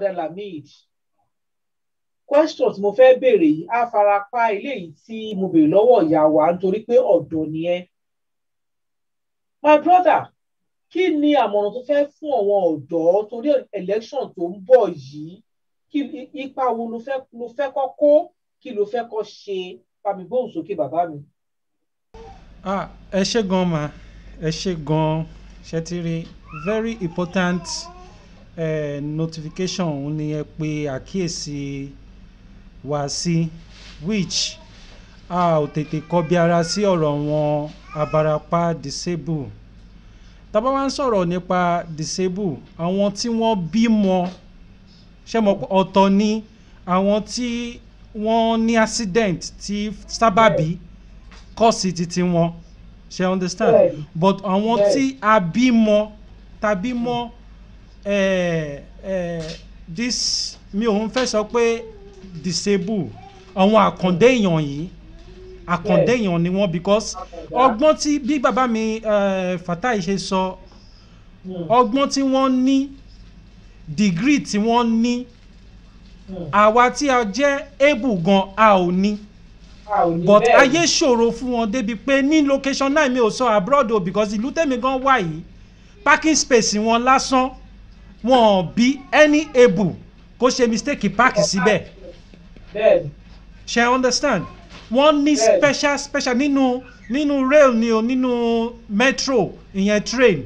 Abdelhamid question tí mo fẹ́ béèrè yìí á fara pa eléyìí tí mo béèrè lọ́wọ́ ìyá wa nítorí pé ọ̀dọ́ ni ẹ́. my brother kí ni àmọ̀ràn tó fẹ́ fún àwọn ọ̀dọ́ torí election tó ń bọ̀ yìí kí ipa wo ló fẹ́ ló fẹ́ kọ́ kó kí ló fẹ́ kọ́ ṣe fami gbóhùn sókè bàbá mi. ẹ ṣé gan ma ẹ ṣé gan ṣe ti rí very important eh, notification òun ni ẹ pe àkíyèsí wá sí which a ò tètè kọbi ara sí ọ̀rọ̀ wọn abarapa disable tábà wá ń sọ̀rọ̀ nípa disable àwọn tí wọ́n bímọ ṣé mo ọ̀tọ̀ ni àwọn tí wọ́n ní accident tí sábàbí kọ́ọ̀sì títí wọn ṣe understand but àwọn tí a bímọ tàbí mọ́. Mm -hmm eh, eh, this mi ò ń fẹ́ sọ pé disable àwọn àkàndé èèyàn yìí àkàndé èèyàn ni wọ́n because ọgbọ́n tí bí bàbá mi Fatai ṣe sọ hmm. ọgbọ́n tí wọ́n ní dìgírì tí wọ́n ní hmm. àwa tí a jẹ́ able gan a ò ní but ayé ṣòro fún wọn débi pé ní location náà mi ò sọ abroad o because ìlú tèmi gan wà yìí parking space wọn lásán wọn ò bí any able kó ṣe mistake park síbẹ̀ ṣe understand wọ́n ní special special nínú nínú rail ni o nínú metro ìyẹn train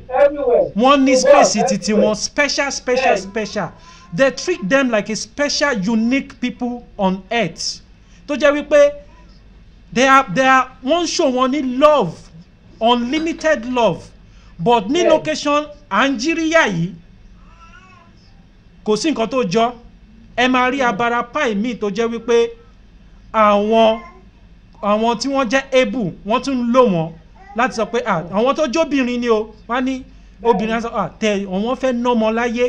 wọ́n ní space titi wọn special special special they treat them like a special unique people on earth tó jẹ́ wípé they are they are wọ́n show wọn ní love unlimited love but ní location Nigeria yìí kò sí nǹkan tó jọ ẹ máa rí abara páì míì tó jẹ́ wípé àwọn àwọn tí wọ́n jẹ́ ebu wọ́n tún lò wọ́n láti sọ pé àwọn tó jóbìnrin ni o wọ́n ní obìnrin sọ tẹ àwọn fẹ́ nọ́mọ láyé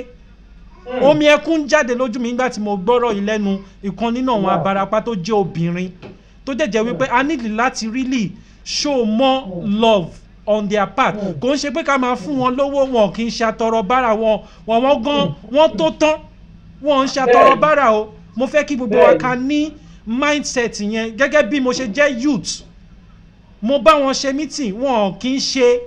omi ẹkún jáde lójú mi nígbà tí mo gbọ́rọ̀ yìí lẹ́nu ìkan nínú àwọn abarapá tó jẹ́ obìnrin tó jẹ́jẹ́ wípé a nílì láti really show more love on their part mm. kò ń ṣe pé ká máa fún wọn lówó wọn kì í ṣàtọrọ bára wọn wọn wọn gan wọn tó tán wọn ń ṣàtọrọ bára o mo fẹ́ kí gbogbo wa ká ní mindset yẹn gẹ́gẹ́ bí mo ṣe jẹ́ youth mo bá wọn ṣe meeting wọn kì í ṣe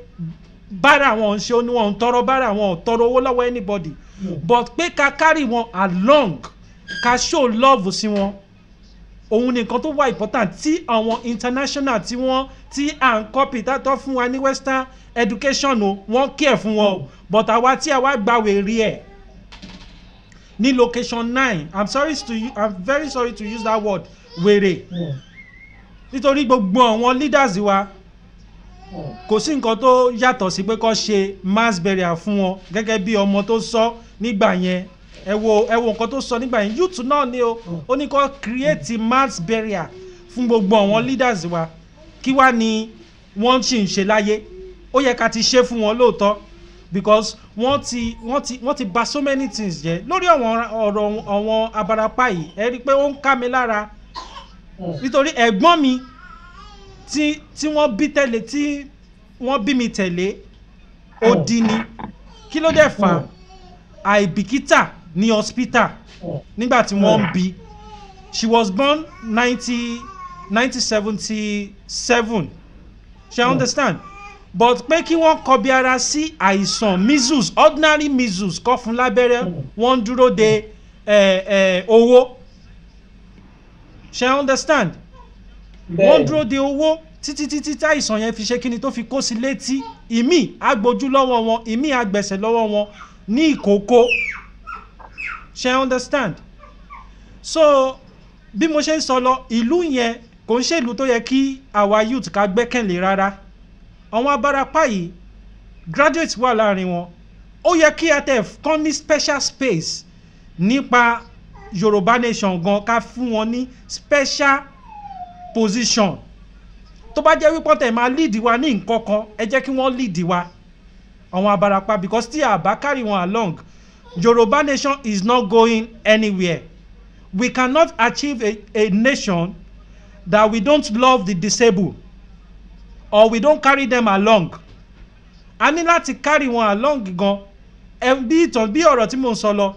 bára wọn ń ṣe ó ní wọn ń tọrọ bára wọn ò tọrọ owó lọ́wọ́ anybody mm. but pé ká carry wọn along ká show love sí wọn. Si òun ni nǹkan tó wà important tí àwọn international tí wọ́n tí à ń copy tátọ́ fún wa ní western education o wọ́n kí ẹ̀ fún wọn o but àwa tí àwa gbàwé rí ẹ̀ ní location nine i'm sorry to i'm very sorry to use that word wèrè nítorí gbogbo àwọn leaders wa kò sí nǹkan tó yàtọ̀ sí pé kó ṣe mass burial fún wọn gẹ́gẹ́ bí ọmọ tó sọ nígbà yẹn ẹ wo ẹ wo nǹkan tó sọ nígbà yẹn youth náà ni o ó ní kó create mass barrier fún gbogbo àwọn leaders wa kí wá ni wọ́n sì ń ṣe láyé ó yẹ ká ti ṣe fún wọn lóòótọ́ because wọ́n ti wọ́n ti wọ́n ti bà so many things jẹ́ lórí àwọn ọ̀rọ̀ àwọn abarapa yìí ẹ rí i pé ó ń ká mi lára nítorí ẹ̀gbọ́n mi tí tí wọ́n bí tẹ̀lé tí wọ́n bí mi tẹ̀lé ó dín ní kí ló dé fà àìbìkítà ní hospital nígbà tí wọ́n ń bí she was born ninety seventy seven she understand but pé kí wọ́n kọbi ara sí àìsàn measles ordinary measles kọ́ fún lábẹ́rẹ́ wọ́n dúró de eh, owó she understand wọ́n dúró de owó títí títí tí àìsàn yẹn fi ṣe kí ni tó fi kó sí létí ìmí agbójú lọ́wọ́ wọn ìmí agbẹ̀sẹ̀ lọ́wọ́ wọn ní ìkókó ṣe understand so bí mo ṣe ń sọ lọ ìlú yẹn kò ń ṣèlú tó yẹ kí àwa youth ká gbẹ́kẹ̀lé rárá àwọn abarapá yìí graduates wà láàrin wọn ó yẹ kí atf kan ní special space nípa yorùbá nation gan ká fún wọn ní special position tó bá jẹ́ wípé tẹ̀ máa lead wa ní nǹkan kan ẹ jẹ́ kí wọ́n lead wa àwọn abarapa because tí a bá wọn along Yoruba nation is not going anywhere. We cannot achieve a, a nation that we don't love the disabled or we don't carry them along. A ní láti carry wọn along gan. Bí ìtàn bí ọ̀rọ̀ tí mò ń sọ lọ,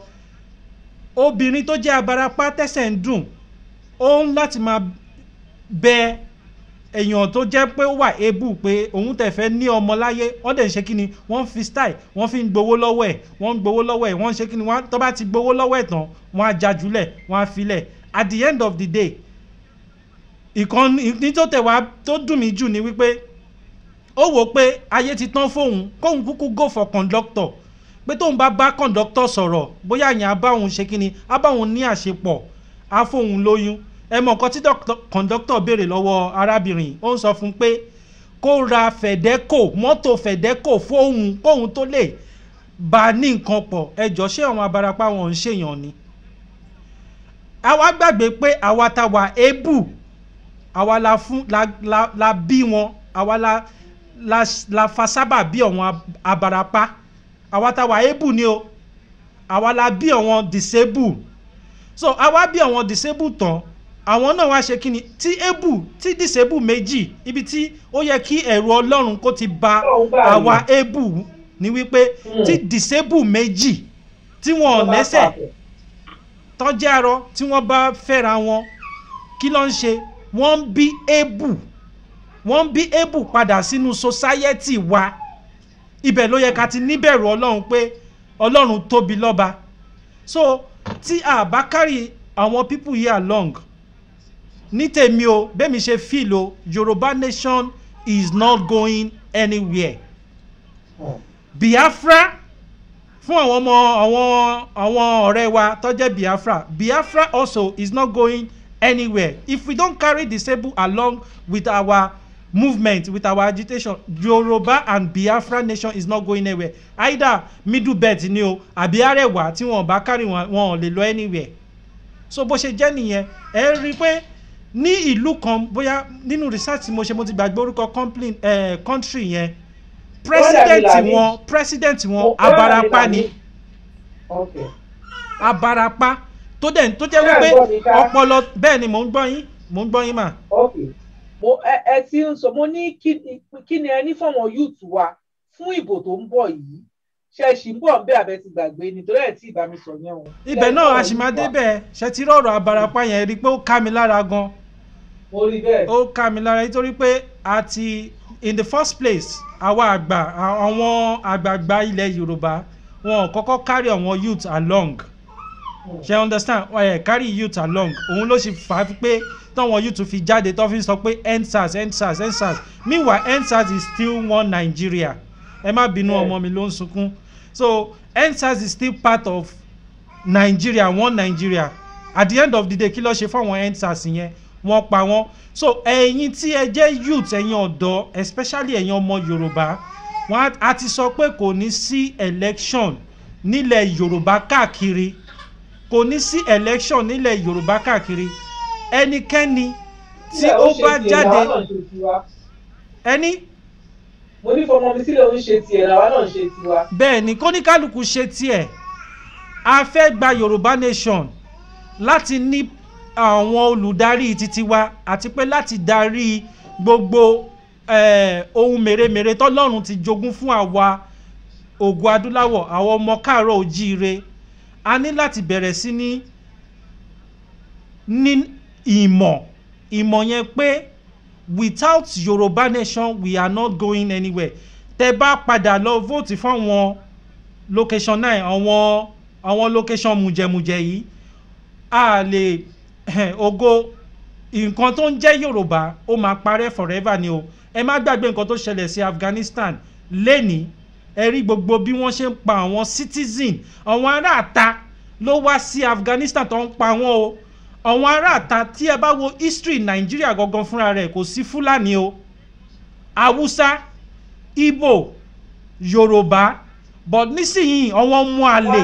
obìnrin tó jẹ́ abarapá tẹ́sẹ̀ ń dùn, ó ń láti máa bẹ èèyàn tó jẹ́ pé ó wà ebú pé òun tẹ̀ fẹ́ ní ọmọ láyé wọ́n dẹ̀ ń ṣe kíni wọ́n fi style wọ́n fi ń gbowó lọ́wọ́ ẹ̀ wọ́n ń gbowó lọ́wọ́ ẹ̀ wọ́n ń ṣe kíni wọ́n tó bá ti gbowó lọ́wọ́ ẹ̀ tán wọ́n á jajulẹ̀ wọ́n á filẹ̀ at the end of the day ìkan ní tó tẹ̀ wá tó dùn mí jù ni wípé ó wò pé ayé ti tán fóun kóun kúkú go for conductor pé tóun bá bá conductor sọ̀rọ̀ bóyá àyàn á bá òun ṣe kíni á bá òun ní àṣepọ̀ á fóun lóyún ẹ mọ̀ nǹkan tí kọ̀ǹdọ́tọ̀ béèrè lọ́wọ́ arábìnrin ó ń sọ fún un pé kó ra fẹ̀dẹ́kò mọ́tò fẹ̀dẹ́kò fóun kóun tó lè bá ní nǹkan pọ̀ ẹ jọ ṣé àwọn abarapá wọn ń ṣèyàn ni. àwa gbàgbé pé àwa ta wà ébù àwa la fún la la la bí wọn àwa la la la fa sábà bí àwọn abarapá àwa ta wà ébù ni o àwa la bí àwọn disable so àwa bí àwọn disable tán àwọn náà wá ṣe kí ni tí ebu tí disable méjì ibi tí ó yẹ kí ẹ̀rù ọlọ́run kó ti ba àwa ebu ni wípé hmm. tí disable méjì tí wọn ò lẹ́sẹ̀ tọ́jẹ́ arọ tí wọ́n bá fẹ́ra wọn kí ló ń ṣe wọ́n ń bí ebu wọ́n ń bí ebu padà sínú society wa ibẹ̀ ló yẹ ká ti níbẹ̀rù ọlọ́run pé ọlọ́run tóbi lọ́ba so tí a bá carry àwọn people here along ní tèmi o bẹ́ẹ̀ mi ṣe fíìl Yorùbá nation is not going anywhere Biafra fún àwọn ọmọ àwọn àwọn ọ̀rẹ́ wa tó jẹ́ Biafra Biafra also is not going anywhere if we don't carry disabled along with our movement with our agitation Yoruba and Biafra nation is not going anywhere either middle belt ni o àbí Arewa tí wọn ò bá carry wọn wọn ò lè lọ anywhere so bó ṣe jẹ́ nìyẹn ẹ rí i pé ní ìlú kan bóyá nínú research tí mo ṣe mo ti gbàgbé orúkọ eh, country yẹn president wọn president wọn abarapa ni abarapa tó dẹ̀ tó jẹ́ wípé ọpọlọ bẹ́ẹ̀ ni mò ń gbọ́ yín mò ń gbọ́ yín mà. mo ẹ ẹ ti ń sọ mo ní kí ni ẹ ní fọwọn yúùtù wa fún ìbò tó ń bọ̀ yìí ṣe ṣì ń bọ̀ ń bẹ́ ti gbàgbé nítorí ẹ̀ tí ìbámi sọ yẹn o. ibẹ̀ náà a sì ṣe ti rọ̀rọ̀ abarapa yẹn rí i pé ó ká mi lára gan-an ó ká mi lára nítorí pé a ti in the first place àwa àgbà àwọn àgbààgbà ilẹ̀ Yorùbá wọn kọ́kọ́ carry àwọn youth along ṣe oh. understand ẹ uh, carry youth along òun ló ṣe fà á pé táwọn youth fi jáde tó fi sọ pé endsars endsars endsars meanwhile endsars is still one Nigeria ẹ má bínú ọmọ mi ló ń sunkún so endsars is still part of Nigeria one Nigeria at the end of the day kí ló ṣe fún àwọn endsars yẹn wọ́n pa wọ́n so ẹ̀yin tí ẹ jẹ́ youth ẹ̀yin ọ̀dọ́ especially ẹ̀yin ọmọ Yorùbá wọ́n á ti sọ pé kò ní sí election nílẹ̀ Yorùbá káàkiri kò ní sí election nílẹ̀ Yorùbá káàkiri ẹnikẹ́ni tí ó bá jáde ẹni. mo ní fọmọ mi sílẹ̀ ó ń ṣe tiẹ̀ làwa náà ń ṣe tiwa. bẹ́ẹ̀ ni kóníkálukú ṣe tiẹ̀ a fẹ́ gba Yorùbá nation láti ní àwọn olùdarí titi wa àti pé láti darí gbogbo eh, ohun mèremère tọ́lọ́run ti jogún fún àwa ògo adúláwọ̀ àwọn ọmọ káàárọ̀ òjíire a ní láti bẹ̀rẹ̀ sí ní ní ìmọ̀ ìmọ̀ yẹn pé without Yorùbá nation we are not going anywhere tẹ bá padà lọ vóòtì fún àwọn location nine àwọn àwọn location mùjẹmùjẹ yìí a lè Ogo, nǹkan tó ń jẹ́ yorùbá ó máa parẹ́ forever ni o ẹ má gbàgbé nǹkan tó ṣẹlẹ̀ sí afghanistan lẹ́nìí ẹ rí gbogbo bí wọ́n ṣe ń pa àwọn citizen àwọn aráàta ló wá sí afghanistan tó ń pa wọ́n o àwọn aráàta tí ẹ bá wo history nàìjíríà gangan fúnra rẹ̀ kò sí fúlàní o haúsá ibo yorùbá but nísìnyí àwọn ọmọ àlè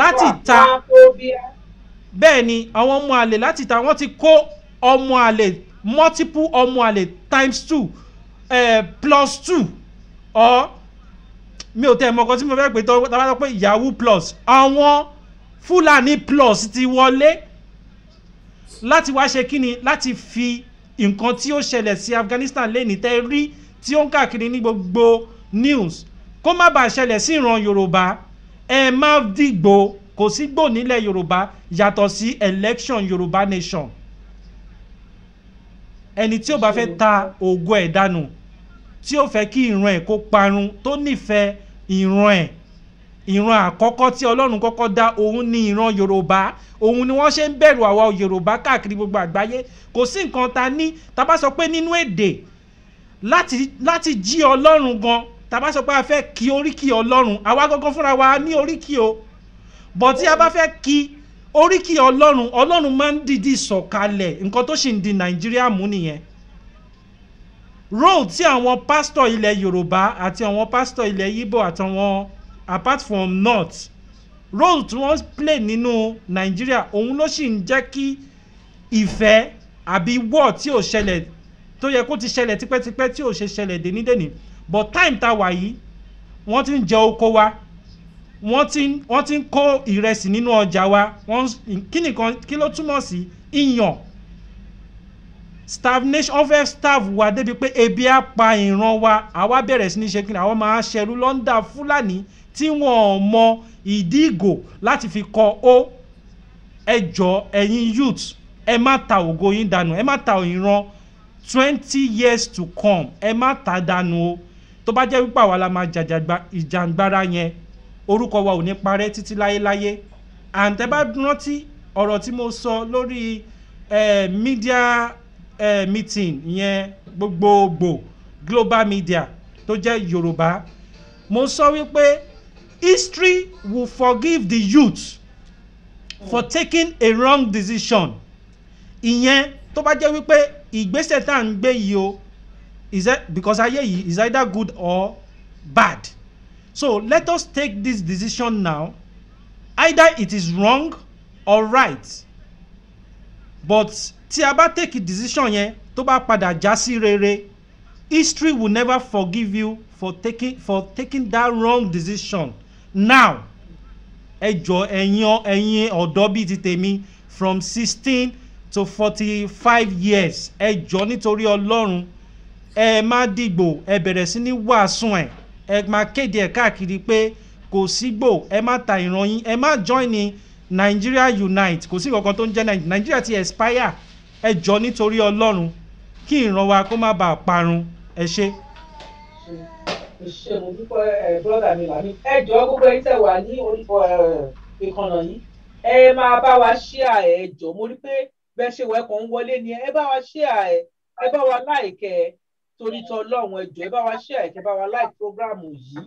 láti ta bẹ́ẹ̀ ni àwọn ọmọ àlè láti ta wọ́n ti kó ọmọ àlè multiple ọmọ àlè times two eh, plus two or mi ò tẹ́ ẹ̀ mọ̀ kan tí mo fẹ́ pè tọ́ tá a bá sọ pé yahoo plus àwọn fúlàní plus ti wọlé láti wá ṣe kíni láti fi nǹkan tí ó ṣẹlẹ̀ sí Afghanistan lẹ́ni tẹ́ rí tí ó ń káàkiri ní gbogbo news kó má bàa ṣẹlẹ̀ sí ìran Yorùbá ẹ má dìgbò kò sígbò nílẹ̀ yorùbá yàtọ̀ sí election yorùbá nation ẹni tí ó bá fẹ́ ta ògo ẹ̀ dànù tí ó fẹ́ kí ìran ẹ̀ kó parun tó nífẹ̀ẹ́ ìran ẹ̀ ìran àkọ́kọ́ tí ọlọ́run kọ́kọ́ dá òun ni ìran yorùbá òun ni wọ́n ṣe ń bẹ̀rù àwa yorùbá káàkiri gbogbo àgbáyé kò sí nǹkan ta ní ta bá sọ pé nínú èdè láti láti jí ọlọ́run gan ta bá sọ pé a fẹ́ kí oríkì ọlọ́run àwa gangan fúnra wa ní oríkì o bọ̀ tí a bá fẹ́ kí oríkì ọlọ́run ọlọ́run máa ń dìdí sọ̀kalẹ̀ nǹkan tó sì ń di nàìjíríà mú nìyẹn role tí àwọn pásítọ̀ ilẹ̀ yorùbá àti àwọn pásítọ̀ ilẹ̀ Ìgbò àtàwọn apart from north role tí wọ́n play nínú nàìjíríà òun ló sì ń jẹ́ kí ìfẹ́ àbí war tí ò ṣẹlẹ̀ tó yẹ kó ti ṣẹlẹ̀ tipẹ́tipẹ́ tí ò ṣe ṣẹlẹ̀ dénúdénú but time tá wà yìí wọ́n ti ń jẹ oko wa wọ́n ti ń kó ìrẹsì nínú ọjà wa kí nìkan kí ló túmọ̀ sí ìyàn stagnation wọ́n fẹ́ starve wa débi pé ebi á pa ìran wa àwa bẹ̀rẹ̀ sí ní ṣe kíni àwọn máa ṣẹrú lọ́ndà fúlàní tí wọ́n mọ ìdí ìgò láti fi kọ ó ẹjọ́ ẹ̀yin youth ẹ má ta ògo yín dànù ẹ má ta ìran twenty years to come ẹ má ta dànù o tó bá jẹ́ wípé àwa la máa jàjàgbá ìjàngbara yẹn orúkọ wa ò ní parẹ́ títí láyéláyé àǹtẹ́ bá rántí ọ̀rọ̀ tí mo sọ lórí eh, media eh, meeting yẹn gbogbogbò global media tó jẹ́ Yorùbá mo sọ wípé history will forgive the youth for taking a wrong decision ìyẹn tó bá jẹ́ wípé ìgbésẹ̀ tá à ń gbé yìí o is that because ayé yìí is either good or bad. So let us take this decision now. Either it is wrong or right. But tí a bá take decision yẹn tó bá padà já sí rere history will never forgive you for taking for taking that wrong decision. Now ẹ jọ ẹ̀yin ẹ̀yin ọ̀dọ́ bíi ti tèmi from sixteen to forty-five years ẹ jọ nítorí Ọlọ́run ẹ má dìgbò ẹ bẹ̀rẹ̀ sí ní wàásù ẹ̀ ẹ máa kéde ẹ̀ káàkiri pé kò sígbò ẹ má ta ìran yín ẹ má join ní Nigeria unite kò sí kankan tó ń jẹ́ Nigeria ti expire ẹ jọ nítorí Ọlọ́run kí ìran wa kó má bàa parun ẹ ṣe. ìṣègùn dúpẹ́ ẹ̀ bọ́dà mi wà ní ẹ jọ gbogbo ẹ̀ tẹ̀ wà ní orí ìkànnà yìí ẹ máa bá wa share ẹ jọ mo rí pé bẹ́ẹ̀ ṣe wẹ́kọ̀ ń wọlé ni ẹ bá wa share ẹ ẹ bá wa like ẹ torí tọ́ ọlọ́run ẹjọ́ ẹ bá wa ṣe àìkẹ́ bá wa láì prógráàmù yìí.